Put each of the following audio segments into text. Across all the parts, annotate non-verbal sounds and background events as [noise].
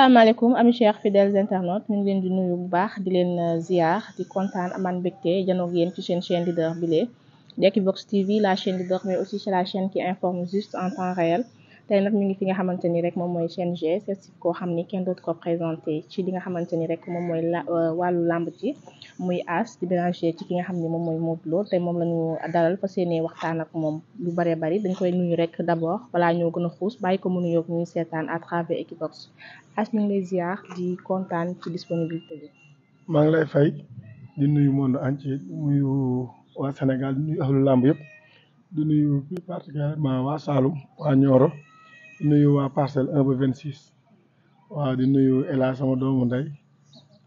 asalaamaaleykum ami cher fidèles internautes ñu ngi leen di nuyu bu baax di leen euh, ziar di kontaan amaan mbégte janoog yéen ci seen chaîne leader bi lee di Equivox TV la chaîne leader mais aussi c'est la chaîne qui informe juste en temps réel tey nag ñu ngi fi nga xamante ni rek moom mooy CNG seet si koo xam ni kenn dootu ko présenté ci li nga xamante ni rek moom mooy la euh, wàllu làmb ci muy As di branché ci ki nga xam ni moom mooy Modou Lo tey moom lañu ñu dalal fas yéene waxtaan ak moom lu bëree bëri dañ koy nuyu rek d' abord balaa ñoo gën a xuus bàyyi ko mu nuyoog ñuy seetaan à travers Equivox As ñu ngi lay ziar di kontaan ci disponibilité bi. maa ngi lay fay di nuyu monde entier di nuyu waa Sénégal di nuyu làmb di nuyu plus waa Saloum waa Nioro. nuyu waa parcelle un ba vingt six waaw di nuyu El Hadj sama doomu ndey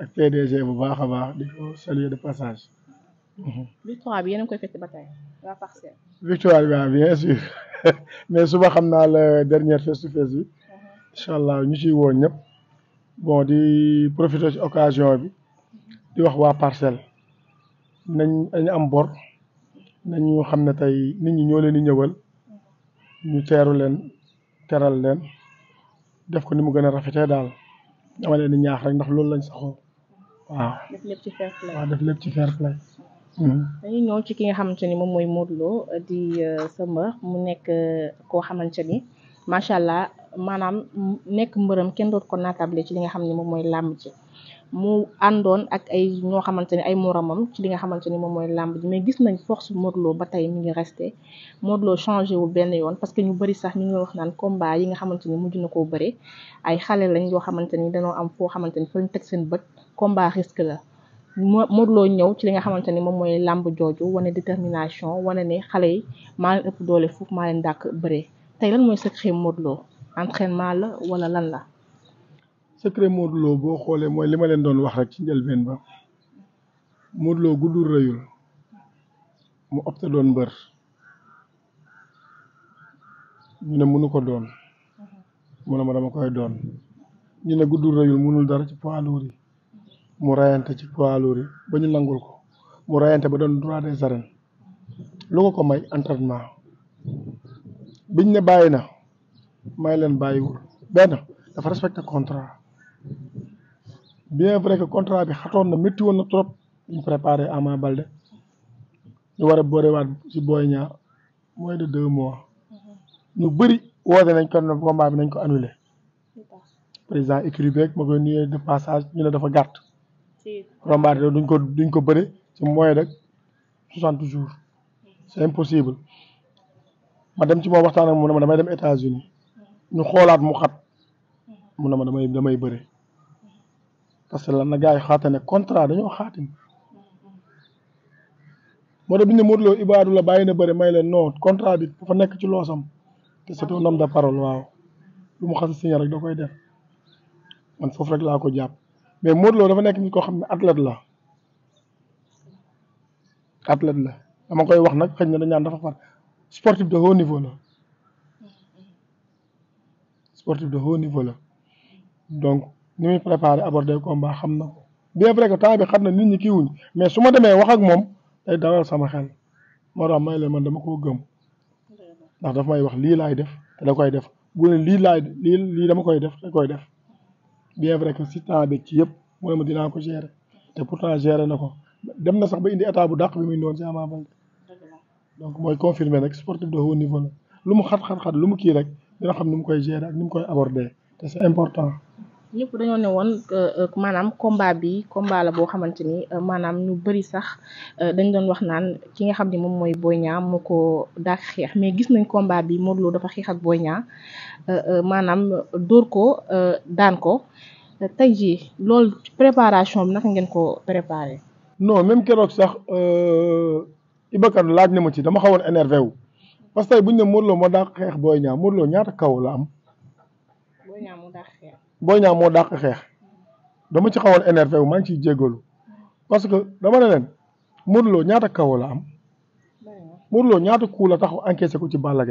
ak PDG bu baax a baax di ko saluer de passage. Mhm. victoire bi yéen koy fête ba tey waa parcelle. victoire bi waaw bien sûr [laughs] mais suba xam naa la dernière face to face bi. Mhm. incha allah ñu ciy woo ñëpp. bon di profiter ci occasion bi di wax waa parcelle nañ dañ am bor nañu xam ne tey nit ñi ñoo leen di ñëwal ñu teeru leen. teral leen def ko ni mu gën a rafetee daal dama leen di ñaax rek ndax loolu lañ saxoo waaw. def lépp ci fair play waaw def hmm. dañuy ñëw ci ki nga xamante ni moom mooy Modou Lo di euh, sa mu nekk euh, koo xamante ni macha allah maanaam nekk mbërëm kenn doot ko naatable ci li nga xam ne moom mooy làmb ci mu àndoon ak ay ñoo xamante ne ay moromam ci li nga xamante ni moom mooy làmb ji mais gis nañ force Modou ba tey mi ngi resté Modou changé wu benn yoon que ñu bëri sax ñu ngi wax naan combat yi nga xamante ni mujj na koo bëre ay xale lañ yoo xamante ni dañoo am foo xamante ni fa teg seen bët combat risque la Modou Lo ñëw ci li nga xamante ni moom mooy làmb jooju wane détermination wane ne xale yi maa leen ëpp doole foofu maa leen dàq bëre tey lan mooy secret Modou Lo entraînement la wala lan la secret Modou boo xoolee mooy li ma leen doon wax rek ci njëlbeen ba Modou Lo guddul rëyul mu opté doon mbër ñu ne mënu ko doon mu ne ma dama koy doon ñu ne guddul rëyul mënul dara ci poids lourd yi mu reyante ci poids lourd yi ba ñu nangul ko mu rayante ba doon droit des arènes lu ko ko may entraînement biñ ne bàyyi na may leen bàyyiwul benn dafa respecté contrat bien vrai que contrat bi xatoon na métti woon na trop ñu préparé Ama Balde ñu war a boorewaat si Boy Niang moins de deux mois ñu bëri woote nañ kon combat bi nañ ko annulé président écrit beeg ma koy nuyee de passage ñu ne dafa gàtt combat duñ ko duñ ko bëri ci moins de soixante jours c'est impossible ma dem ci moom waxtaan ak mu ne ma damay dem États-Unis ñu xoolaat mu xat mun na ma damay damay bëri parce que lan na gaa yi xaatane contrat dañoo xaatim moo tax bi ne Modou Lo ibaadu la bàyyi na bëri may leen non contrat bi dafa nekk ci loosam te c'est un de parole waaw lu mu xasa signé rek da koy def man foofu rek laa ko jàpp mais Modou Lo dafa nekk nit koo xam ne athlète la athlète la dama koy wax nag xëy na dañ naan dafa far sportif de haut niveau la sportif de haut niveau la ni muy préparé aborder combat xam na ko vrai que temps bi xam na nit ñi kii wuñ mais su ma wax ak moom day sama xel moo tax may leen man dama koo gëm ndax daf may wax lii laay def te koy def bu lii laay lii lii dama koy def da koy def bien vrai que si temps bi ci yëpp mu ma dinaa ko gérer te pourtant gérer na ko dem na sax ba indi état bu dàq bi muy doon si Ama donc mooy confirmer rek sportif de haut niveau lu mu xat xat lu mu kii rek dina xam ni mu koy gérer ak ni mu koy aborder te c'est important ñëpp dañoo ne woon euh, maanaam combat bi combat la boo xamante ni euh, maanaam ñu bëri sax euh, dañ doon wax naan ki nga xam ne moom mooy Boy Niang moo ko daak xeex mais gis nañ combat bi Modou Lo dafa xeex ak booy Niang maanaam dóor ko daan ko tey jii loolu préparation bi naka ngeen ko préparé. non même keroog sax Ibakar laaj na ma ci dama xawoon énervé wu parce que tey bu ñu ne Modou Lo moo daak ñaata kaw la am. Boy Niang moo dàq xeex dama ci xawoon énervé wu maa ngi ciy jéggalu parce que dama ne leen Modou Lo ñaata kaw la am Modou Lo ñaata coup la taxaw encaissé ko ci Balla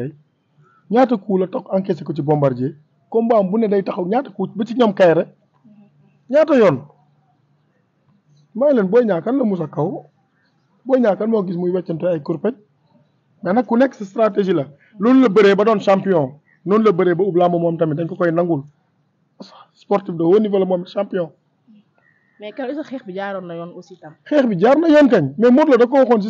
ñaata coup la taxaw encaissé ko ci Bombardier combat am bu ne day taxaw ñaata coup ba ci ñoom kay rek ñaata yoon maa ngi leen booy Niang kan la musa kaw Boy Niang moo gis muy weccante ay kurpej mais nag ku nekk sa stratégie la loolu la bëree ba doon champion noonu la bëree ba ublamb moom tamit dañ ko koy nangul sportif de haut niveau la moom champion. mais keroog sax xeex bi jaaroon na yoon aussi tam. xeex bi jaar na yoon kañ mais Modou Lo da ko waxoon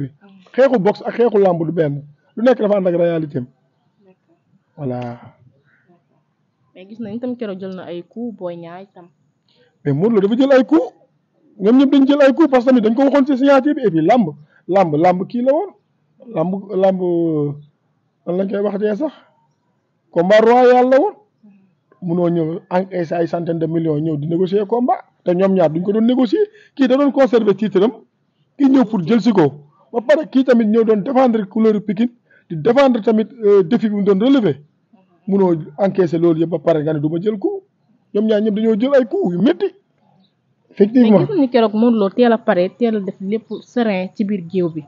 bi. Ah. xeexu box ak xeexu làmb du benn lu nekk dafa ànd ak réalité am voilà. mais nañ tam keroog jël na ay coups booy ñaay tam. mais Modou Lo dafa jël ay coups ñoom dañ jël ay coups parce que dañ ko waxoon ci signature bi et làmb làmb làmb kii la woon làmb làmb euh, lan lañ koy waxatee sax combat royal la woon. munoo ñëw encaisser ay centaine de million ñëw di négocier combat te ñoom ñaar duñ ko doon négocier kii da doon conserver titre am kii ñëw pour jël si ko ba pare kii tamit ñëw doon défendre couleur Pikine di défendre tamit euh, défi bi mu doon relever munoo encaisser loolu yëpp ba pare nga ne du ma jël coup ñoom ñaar ñëpp dañoo jël ay coup yu métti. effectivement mais gis nga keroog Modou a pare teel a def lépp serein ci biir géew bi.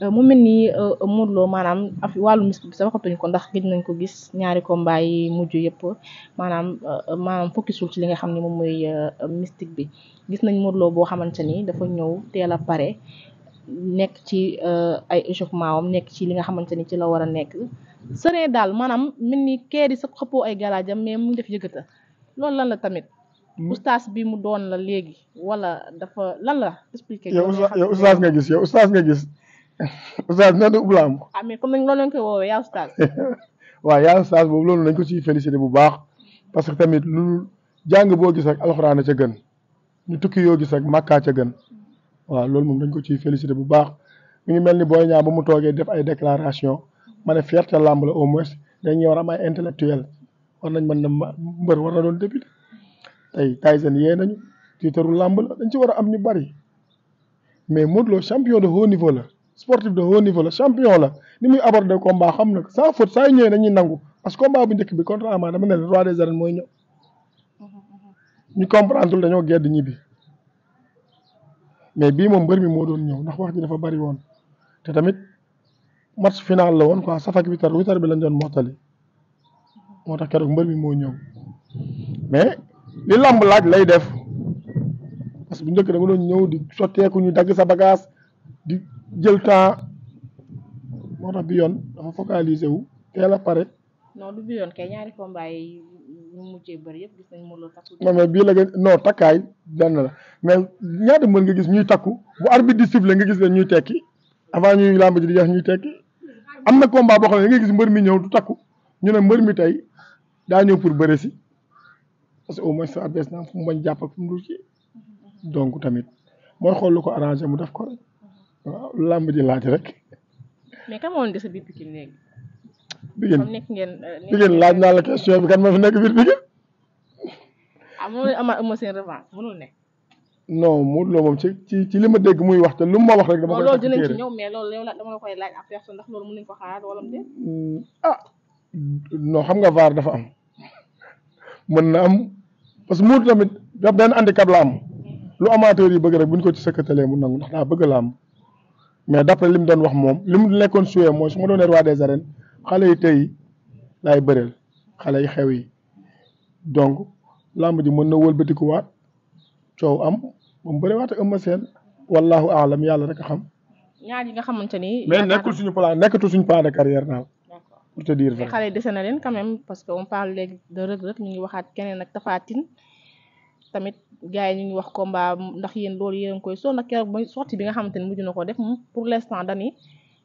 Euh, mu mel ni euh, Modou Lo maanaam af wàllu mystique bi sax waxatuñu ko ndax gis nañ ko gis ñaari combat yi mujj yëpp maanaam euh, maanaam focusul ci li nga xam ne moom mooy mystique bi gis nañ Modou boo xamante ni dafa ñëw teel a pare nekk ci ay échauffement am nekk ci li nga xamante ni ci la war a nekk seree daal maanaam mel ni keer yi sa xëppoo ay galaajam mais mu def yëgata loolu lan la tamit hmm? oustaz bi mu doon la léegi wala dafa lan la expliqué yow oustaz nga gis yow oustaz nga gis [laughs] oustaz na du ublamb ah mais comme noonu lañ koy woowee yaa oustaz [laughs] yaa oustaz boobu loolu nañ ko ci félicité bu baax parce que tamit lu jàng boo gis ak alxuraan ca gën ñu tukki yoo gis ak màkkaa ca gën waaw loolu moom dañ ko ciy félicité bu baax mi ngi mel ni booy ñaa ba mu toogee def ay déclaration ma ne fierté làmb la au moins dañuy war am ay intellectuel war nañ mën na mbër war na doon député tey Tyson yee nañu tiitaru làmb la dañ ci war a am ñu bari mais Modou Lo champion de la sportif de haut niveau la champion la ni muy aborder combat xam na sans faute saa yu ñëwee dañuy nangu parce que combat bu njëkk bi contrairement dama ne le roi des arènes mooy ñëw. ñu comprendre dañoo gedd ñibbi mais bii moom mbër mi moo doon ñëw ndax wax ji dafa bari woon te tamit match final la woon quoi saf ak witar bi lañ doon mottali moo tax keroog mbër mi moo ñëw mais li lamb laaj lay def parce que bu njëkk da nga doon ñëw di sotteeku ñu dagg sa bagage jël temps moo tax bi yoon dafa focalisé wu teel a pare. non du bi yoon kay ñaari combat yi ñu mujjee bëri yëpp gis nañ Modou Lo bii la nga non takkaay benn la mais ñaata mën nga gis ñuy takku bu arbitre di siffle nga gis leen ñuy tekki avant ñuy làmb ji di jeex ñuy tekki am na combat boo xam ne nga gis mbër mi ñëw du takku ñu ne mbër mi tey daa ñëw pour bëri si parce que au moins sa adversaire fu mu bañ jàpp ak fu mu dul donc tamit mooy xool lu ko arrangé mu def ko waaw làmb ji laaj rek. mais kan moo leen dese biir Pikine léegi. Pikine comme nekk euh, ngeen. laaj naa la question bi kan moo fi nekk biir Pikine. ah mënul amaat amoo seen revanche mënul nekk. non moom ci ci ci li ma dégg muy wax te lu ma wax rek. dama koy loolu dinañ ci ñëw mais loolu laaj mm, ah, xam nga VAR dafa am mën na am parce que Modou tamit daf benn handicap la am mm. lu amateur yi bëgg rek buñ ko ci sëkkatalee mu nangu ndax daa bëgg la am. mais d'après li mu doon wax moom li mu nekkoon suwee mooy su ma doonee roi des arènes xale yi tey laay bëreel xale yi xew yi donc làmb mën na wëlbatikuwaat coow am ba mu bëriwaat ak Eumeu Sène wallahu aalam yàlla rek a xam. ñaar yi nga xamante ni. mais nekkul suñu plan nekkatul suñu plan de carrière daal. pour te dire vrai xale yi dese na leen quand parce que on parle léegi de Reug Reug ngi waxaat keneen ak Tapha tamit gars yi ñu ngi wax combat ndax yéen loolu yéen ngi koy so nag keroog ba sorti bi nga xamante ne mujj na ko def pour l'instant dani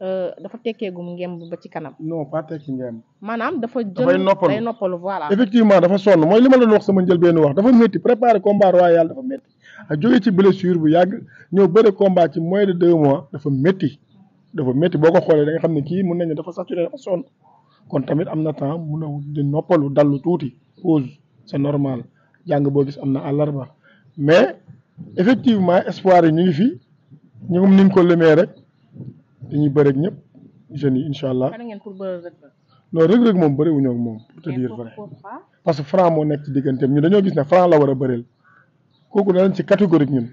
euh, dafa tekkeegum ngemb ba ci kanam. non pas tekki maanaam dafa jël dafay noppalu noppalu voilà. effectivement dafa sonn mooy li ma la doon wax sama njëlbéenu wax dafa métti préparer combat royal dafa métti ak jóge ci bu yàgg ñëw bëre combat ci moins de dafa métti dafa métti boo ko xoolee da nga xam ne kii mun nañu dafa saturé dafa sonn kon tamit am na temps mun a di noppalu dallu tuuti pause c'est normal. jàng boo gis am na àllarba mais effectivement espoir yi ñu ngi fi ñu moom ko lemee rek dañuy bëri ak ñëpp jeunes yi incha allah. non Reug Reug moom bëri wuñu ak moom pour te parce que Franc moo nekk ci digganteem ñu dañoo gis ne Franc la war a bëreel kooku danañ ci catégorique ñun.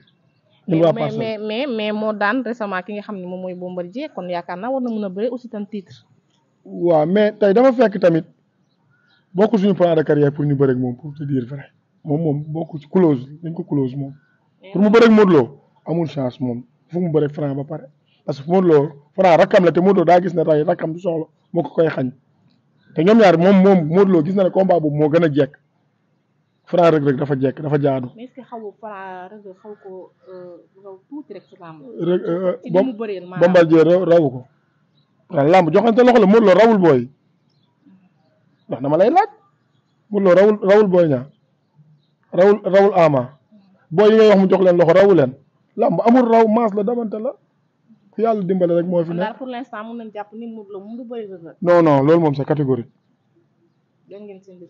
ñun waa Parcelles mais mais mais moo daan récemment ki nga xam ne moom mooy Bombardier kon yaakaar naa war na mën a bëri aussi tam titre. waaw mais tey dafa fekk tamit bokku suñu plan pour ñu bëri moom pour te dire vrai. moom moom bokku ci close dañ ko close moom. pour mu bëre ak amul chance moom foog mu bëre ak ba pare. parce que Modou Lo Franc rakkam daa gis na ray rakkam du soxla moo ko koy xañ te ñoom ñaar moom moom Modou Lo gis na ne boobu moo gën a jekk Franc Reug Reug dafa jekk dafa jaadu. mais est-ce que xaw Franc Reug Reug euh, raw euh, ko. waaw joxante loxo la Modou rawul booy ndax ma lay laaj Modou rawul booy ñaar. rawul rawul ama boo yi ngay wax mu jox leen loxo rawu leen làmb amul raw maas la damante la yàlla dimbale rek moo fi nekk pour l'instant mun nañ non non loolu moom c'est catégorique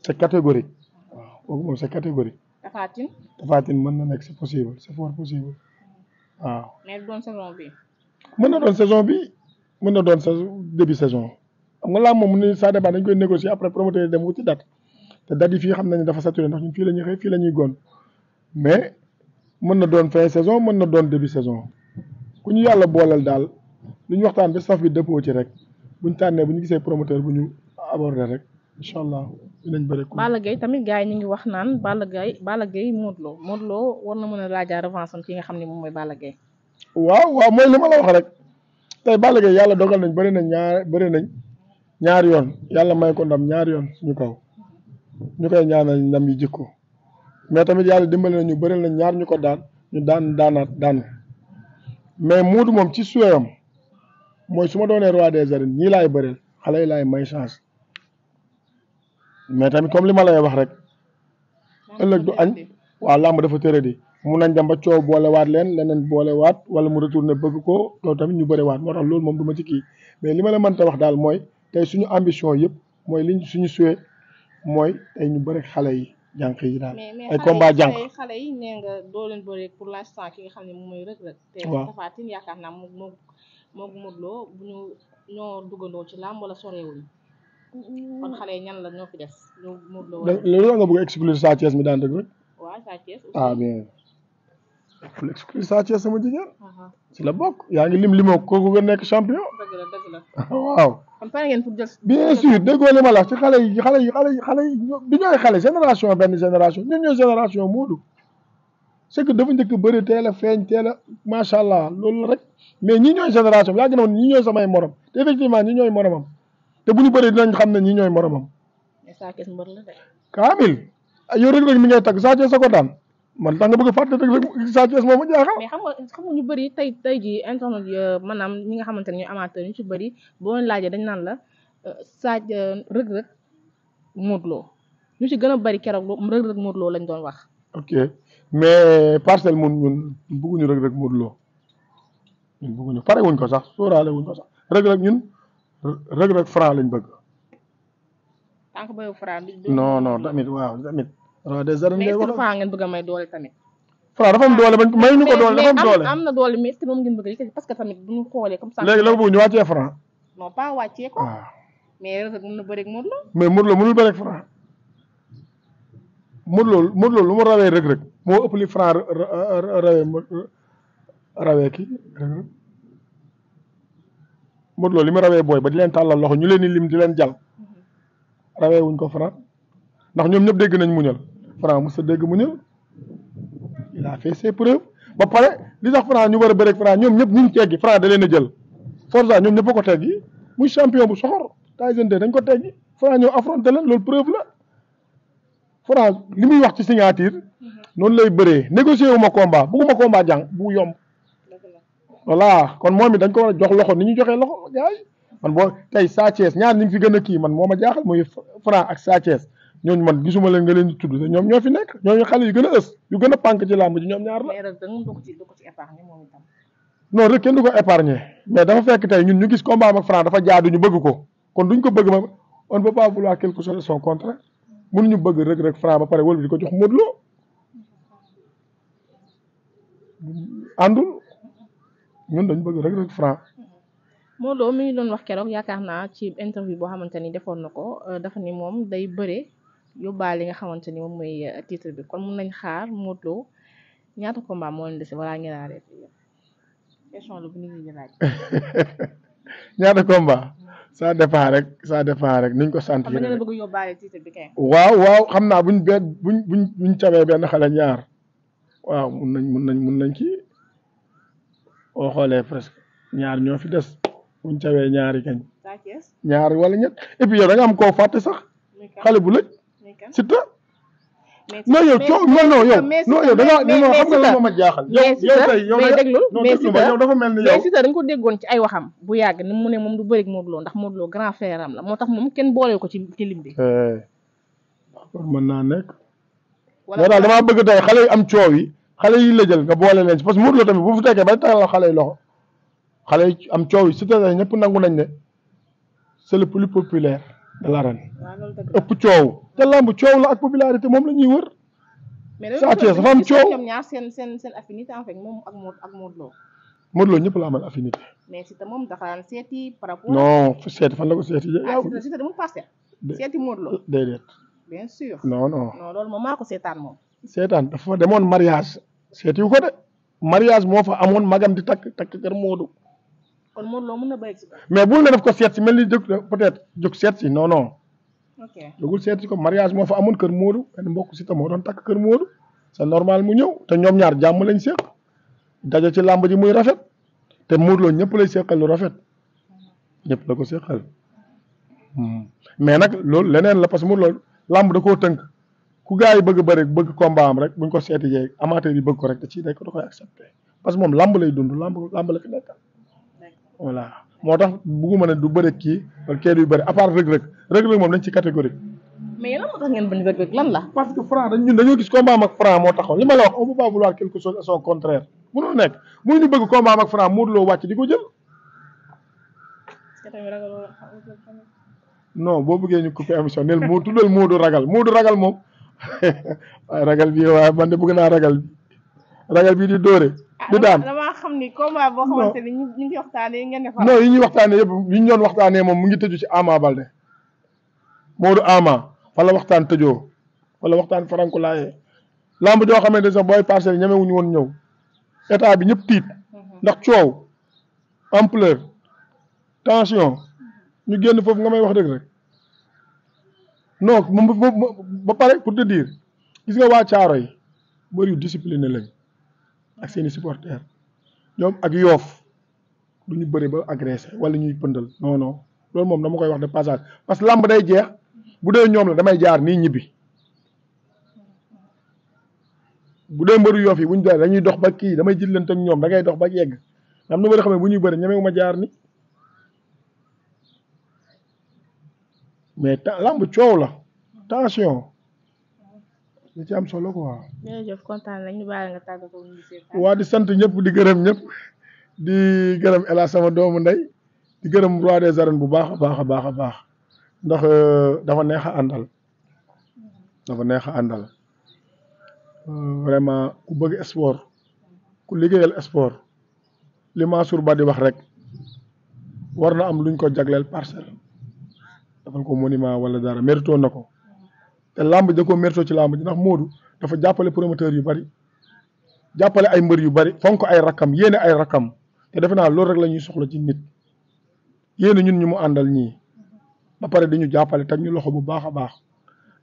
c'est catégorique waaw boobu moom c'est catégorique Tapha mën na nekk c'est possible c'est fort possible waaw mais du mën na doon saison bi mën na doon saison début saison xam nga làmb moom mën nañ dañ koy négocier après promoteur dem wuti date te date yi fii xam nañ ne dafa saturé ndax ñun fii la ñuy xëy fii la ñuy gon mais mën na doon fin saison mën na doon début saison ku ñu yàlla booleel daal lu ñu waxtaan ba staff bi dëppoo ci rek buñ tànnee bu ñu gisee promoteur bu ñu aborder rek incha allah dinañ ko Balla Gaye tamit gars yi ñu ngi wax naan Balla Gaye Balla Gaye Modou Lo Modou Lo war na mën a laajaa revanche am ki nga xam ne moom mooy Balla Gaye. waaw waaw mooy li ma la wax rek tey Balla Gaye yàlla dogal nañ bëri nañ ñaar bëri nañ ñaar yoon yàlla may ko ndam ñaar yoon suñu kaw. ñu koy ñaanal ndam yi jikko mais tamit yàlla dimbali na ñu bëri na ñaar ñu ko daan ñu daan daanaat daan mais Modou moom ci suweewam mooy su ma doonee roi des arènes ñii laay bëreel xale yi laay may chance mais tamit comme li ma lay wax rek ëllëg du añ waaw làmb dafa tëre di mun nañ dem ba coow boolewaat leen leneen waat wala mu retourné bëgg ko loolu tamit ñu bëriwaat moo tax loolu moom du ma ci kii mais li ma la mënta wax daal mooy tey suñu ambition yëpp mooy liñ suñu suwee mooy ay ñu bëri xale yi jànq yi daal ay combat jànq mais xale yi nee nga doo leen bëri ki nga xam ne mooy Reug Reug te Tapha yaakaar naa moom moom moom bu ñu ñoo duggandoo ci làmb wala soreewuñu kon xale yi ñan la ñoo fi des ñu Modou nga bëgg a exclure Sa Thiès mi daan Reug Reug waaw Sa ah, sama ci la bokk yaa ngi nekk champion [laughs] waaw kon pare ngeen pour jël. bien sûr déggoo li ma la ci xale yi xale yi xale yi xale yi du ñooy xale génération benn génération ñun ñooy génération Moodu. c'est que dafa njëkk bëri teel a feeñ teel a allah loolu rek mais ñi ñooy génération yaa gënoon ñi ñooy samay morom te effectivement ñi ñooy moromam te bu ñu bëree dinañ xam ne ñi ñooy moromam. mais Sa Thiès mbër rek rek mi ngay tagg Sa Thiès sa daan. man tax nga bëgg a fàtte rek rek Sa Thiès moom a jaaxal. mais xam nga xam nga ñu bëri tey tey jii internet euh, maanaam ñi nga xamante ne ñu amateur ñu ci bëri boo leen laajee dañ naan la euh, Sa euh, Reug Reug Modou Lo ñu ci gën a bëri keroog Reug Reug Modou Lo lañ doon wax. ok mais parcelle mun ñun bëgguñu Reug Reug Modou Lo pare wuñ ko sax sóoraale wuñ ko sax Reug Reug ñun Reug Reug Franc lañ bëgg. tànk bayu Franc bi. non non tamit waaw tamit. roi des arènes ngay ngeen bëgg a may doole tamit. Franc dafa am doole may ñu ko doole dafa am doole na doole mais est-ce que moom ngeen bëgg a yëkkati parce que tamit bu ñu xoolee comme léegi la bëgg ñu wàccee Franc. Ah. mais Reug Reug na bëri ak mais Modou Lo mënul bëri ak lu mu rawee Reug Reug moo ëpp li Franc rawee rawee kii Reug li mu rawee booy ba di leen tàllal loxo ñu leen di lim di leen jàll. Mm-hmm. rawee wuñ ko Franc. ndax ñoom ñëpp dégg nañ muñal Franc mos a dégg muñal il a fait ses preuves ba pare li tax Franc ñu war a bëreeg Franc ñoom ñëpp ñu ngi teggi Franc da leen a jël Forza ñoom ñëpp a ko teggi muy champion bu soxor Tyson 2 dañ ko teggi Franc ñoo affronté la loolu preuve la Franc li muy wax ci signature noonu lay bëree négocier wu ma combat bugguma combat jàng bu yomb voilà kon moom it dañ ko war a jox loxo ni ñu joxee loxo gars yi man boo tey Sa Thiès ñaar ngi fi gën a kii man moo ma jaaxal muy Franc ak Sa ñooñu man gisuma leen nga leen di tudd te ñoom ñoo fi nekk ñooñu xale yu gën a ës yu gën a pànk ci làmb ji ñoom ñaar la. non rek kenn du ko épargné mais dafa fekk tey ñun ñu gis combat am ak Franc dafa ñu bëgg ko kon duñ ko bëgg ma on ne peut pas vouloir quelque chose de son contraire ñu bëgg rek rek Franc ba pare wala di ko jox Modou Lo àndul ñun bëgg rek rek Franc. Modou Lo ngi doon wax keroog yaakaar naa ci interview boo xamante ni defoon na ko euh, dafa ni moom day bëre. yóbbaale li nga xamante ni moom mooy euh, titre bi kon mun nañ xaar moo leen dese wala ngeen arrêté question la bu nit [laughs] ñaata combat ça dépend rek ça dépend rek niñ ko sant. xam waaw waaw xam naa buñ buñ buñ buñ cabee benn xale ñaar waaw mun nañ mun nañ mun nañ ci boo xoolee presque ñaar ñoo fi des buñ cabee ñaari kañ. ñaar wala ñett et puis yow koo fàtte sax xale bu lëj Siteu. non yow coow non non yow non yow da nga non xam nga lan ma jaaxal. yow yow dafa mel ni yow dañ ko déggoon ci ay waxam bu yàgg ni mu ne moom du bëri ak Modou ndax Modou Lo grand frère la moo tax moom kenn boole ko ci ci lim bi. Eh. mën naa nekk. wala daal damaa bëgg tey xale yi am coow yi xale yi la boole leen ci parce que Modou Lo tamit bu fi tekkee ba taxawal xale yi loxo xale yi am coow yi Siteu ñëpp nangu nañ ne c'est le plus populaire. de l'arène ëpp coow te lamb coow la ak popularité moom la ñuy wër. Sa Thiès dafa am coow ñoom ñaar seen Lo. Modou Lo ñëpp la amal affinité. mais si te moom dafa daan fan la ko seeti. ah si te dama loolu moom maa ko seetaan moom. seetaan dafa demoon mariage seetiwu ko de mariage moo fa amoon magam di takk takk kër Modou. kon Modou Lo mën na mais bul ne def ko seet si mel ni jóg peut-être jóg seet si non non. ok seet si ko mariage moo fa amoon kër Modou benn mbokk si moo doon takk kër Modou. c'est normal mu ñëw te ñoom ñaar jàmm lañ seq daje ci làmb ji muy rafet te Modou ñëpp lay seqal lu rafet ñëpp la ko seqal hmm. mais nag loolu leneen la parce que Modou Lo làmb da koo tënk ku gaa yi bëgg bëri bëgg combat am rek buñ ko seeti jee amateur yi bëgg ko rek da ciy day ko da koy accepté parce moom làmb lay dund làmb làmb la fi nekkal. voilà moo tax bugguma ne du bëri kii kee du bëri à part rëg-rëg rëg-rëg moom dañ ci catégorie. mais lan moo tax ngeen bañ rëg-rëg lan la. parce que franc dañ ñun dañoo gis combat am ak franc moo taxoon li ma la wax on peut pas vouloir quelque chose à son contraire mënul nekk muy ñu bëgg combat am ak wàcc di ko jël. non boo bëggee ñu coupé émission nel moo tuddal Modou ragal Modou ragal moom [laughs] ragal bii waaye man de bëgg naa ragal ragal bii di dóore ah, xam ni combat boo xamante ni ñu ngi waxtaanee ngeen defar. non yi ñuy waxtaanee yëpp yi ñu doon waxtaanee moom mu ngi tëju ci Ama Balde Modou Ama fa la waxtaan tëjoo la waxtaan farankulaaye lamb joo xamante ne sax booy parcelle ñemewuñu woon ñëw état bi ñëpp tiit mhm. ndax coow ampleur tension ñu génn foofu nga may wax dëgg rek non moom ba pare pour de dire gis nga waa caaro yi bëri yu discipliné lañ ak seeni supporters ñoom ak yoof du ñu bëri ba agressé wala ñuy pëndal non non loolu moom dama koy wax de passage parce que làmb day jeex bu dee ñoom la damay jaar nii ñibbi bu dee mbëru yoof yi bu ñu doon dañuy dox ba kii damay jëlante ak ñoom dangay dox ba yegg am na bëri xam ne bu ñuy bëri ñemewu ma jaar ni mais làmb coow la tension. da ci am solo ko jërëjëf kontaan nañu waa di sant ñëpp di gërëm ñépp di gërëm El Hadj sama doomu ndey di gërëm roi des arènes bu baax a baax a baax a baax ndax euh, dafa neex a àndal dafa neexa a àndal euh, vraiment ku bëgg sport ku liggéeyal sport li Mansour Ba di wax rek war na am luñ ko jagleel parcelle dafal ko monument wala dara mérito na ko. te làmb da koo mertoo ci làmb ji ndax Modou dafa jàppale promoteur yu bari jàppale ay mbër yu bari fonk ay rakkam yéene ay rakkam te defe naa loolu rek la ñuy soxla ci nit yéene ñun ñu mu àndal ñii ba pare di ñu jàppale teg ñu loxo bu baax a baax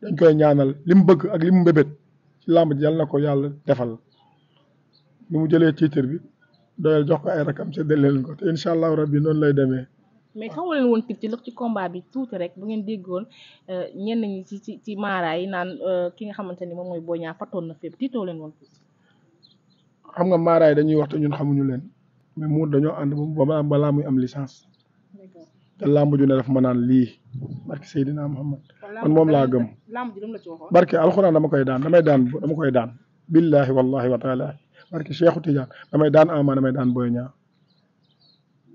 dañ koy ñaanal li mu bëgg ak li mu mbébét ci làmb ji yàlla na ko yàlla defal bi mu jëlee titre bi doyal jox ko ay rakkam séddale leen ko te incha allahu rabbi noonu lay demee. mais xamu leen woon tic ci lëx ci combat bi tuuti rek bu ngeen déggoon euh, ñenn ñi ci ci ci maaraay naan euh, ki nga xamante ni moom mooy Boy Niang fatoon na fépp tiitoo leen woon tuuti. xam nga maaraay dañuy wax te ñun xamuñu leen mais muur dañoo ànd ba balaa muy am licence. te làmb ju ne daf ma naan lii barke Seydina Muhammad man moom laa gëm barke alxuraan dama koy daan damay daan dama koy daan billahi wallahi wa taala barke Cheikhu Tidiane damay daan ama damay daan Boy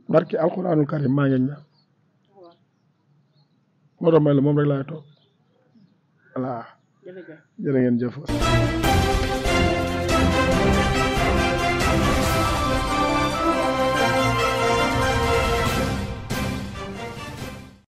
barki alquranul karim maa ngi moom rek laay toog voilà jërë ngeen